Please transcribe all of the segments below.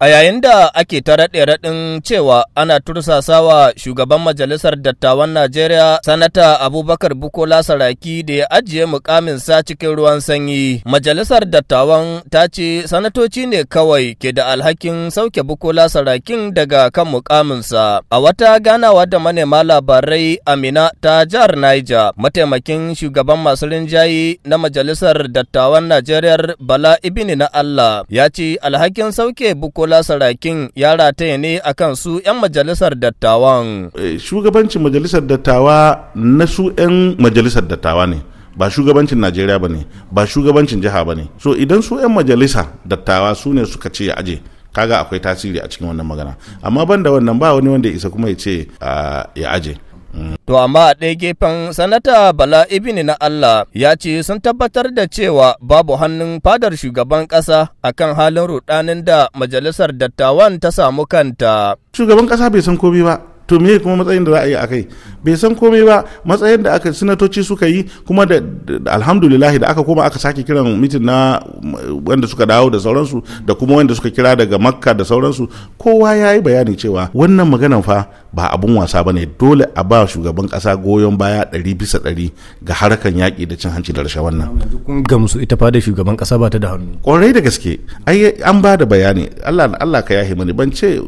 A yayin da ake ta raɗe-raɗin cewa ana tursasawa shugaban majalisar dattawan Najeriya sanata Abubakar Bukola Saraki da ya ajiye mukaminsa cikin ruwan sanyi, majalisar dattawan ta ce sanatoci ne kawai ke da alhakin sauke Bukola Sarakin daga kan mukaminsa. A wata ganawa da manema labarai Amina ta jihar Niger, mataimakin shugaban masu rinjaye na majalisar dattawan Najeriya Bala Ibini na Allah ya ce alhakin sauke Bukola Murtala Sarakin ya rataya ne a kan su 'yan majalisar dattawan. Eh, shugabancin majalisar dattawa na su 'yan majalisar dattawa ne. ba shugabancin najeriya ba ne ba shugabancin jiha ba ne so idan su 'yan majalisa dattawa su ne suka ce ya aje kaga akwai tasiri a cikin wannan magana amma ban da wannan ba wani wanda ya isa kuma ya ce ah, ya aje To amma a ɗaya gefen sanata Bala Ibini na Allah ya ce sun tabbatar da cewa babu hannun fadar shugaban ƙasa akan halin rudanin da majalisar dattawan ta samu kanta. Shugaban ƙasa bai san komai ba, to me kuma matsayin da za a yi a kai bai san komai ba matsayin da aka sinatoci suka yi kuma da alhamdulillahi da aka koma aka sake kiran mitin na wanda suka dawo da sauransu da kuma wanda suka kira daga makka da sauransu kowa ya yi bayani cewa wannan maganan fa ba abun wasa ba ne dole a ba shugaban kasa goyon baya ɗari bisa ɗari ga harkan yaƙi da cin hanci da rashe wannan. kun gamsu ita fa da shugaban kasa ba ta da hannu. kwarai da gaske ai an ba da bayani allah allah ka yahi mani ban ce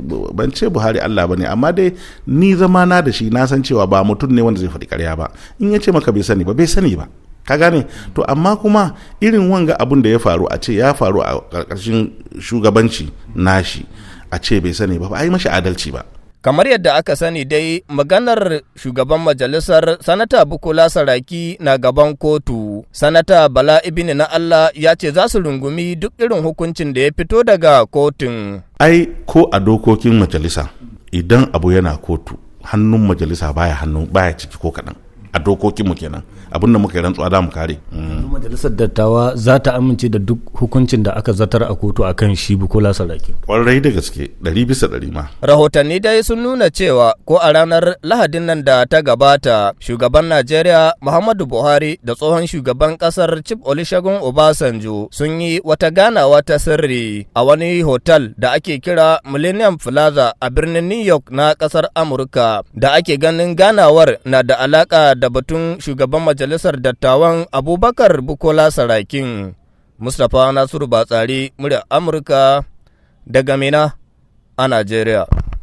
buhari allah ba ne amma dai ni zama na da shi na san cewa ba mutum ne wanda zai faɗi karya ba in ya ce maka bai sani ba bai sani ba. ka gane to amma kuma irin wanga abun da ya faru a ce ya faru a ƙarƙashin shugabanci nashi a ce bai sani ba ba a yi mashi adalci ba Kamar yadda aka sani dai maganar shugaban majalisar Sanata Bukola Saraki na gaban kotu. Sanata Bala Ibini na Allah ya ce za su rungumi duk irin hukuncin da ya fito daga kotun. Ai, ko a dokokin majalisa, idan abu yana kotu, hannun majalisa baya hannun baya ciki ko kaɗan. a dokokinmu kenan abin da muka yi rantsuwa da mu kare. majalisar dattawa za ta amince da duk hukuncin da aka zatar a kotu akan shi bukola saraki. kwarai da gaske ɗari bisa ɗari ma. rahotanni dai sun nuna cewa ko a ranar lahadin nan da ta gabata shugaban najeriya muhammadu buhari da tsohon shugaban ƙasar chief olusegun obasanjo sun yi wata ganawa ta sirri a wani hotel da ake kira millennium plaza a birnin new york na ƙasar amurka da ake ganin ganawar na da alaƙa da batun shugaban majalisar dattawan Abubakar Bukola Sarakin, Mustapha Nasiru Batsari, murya Amurka daga Mina a Najeriya.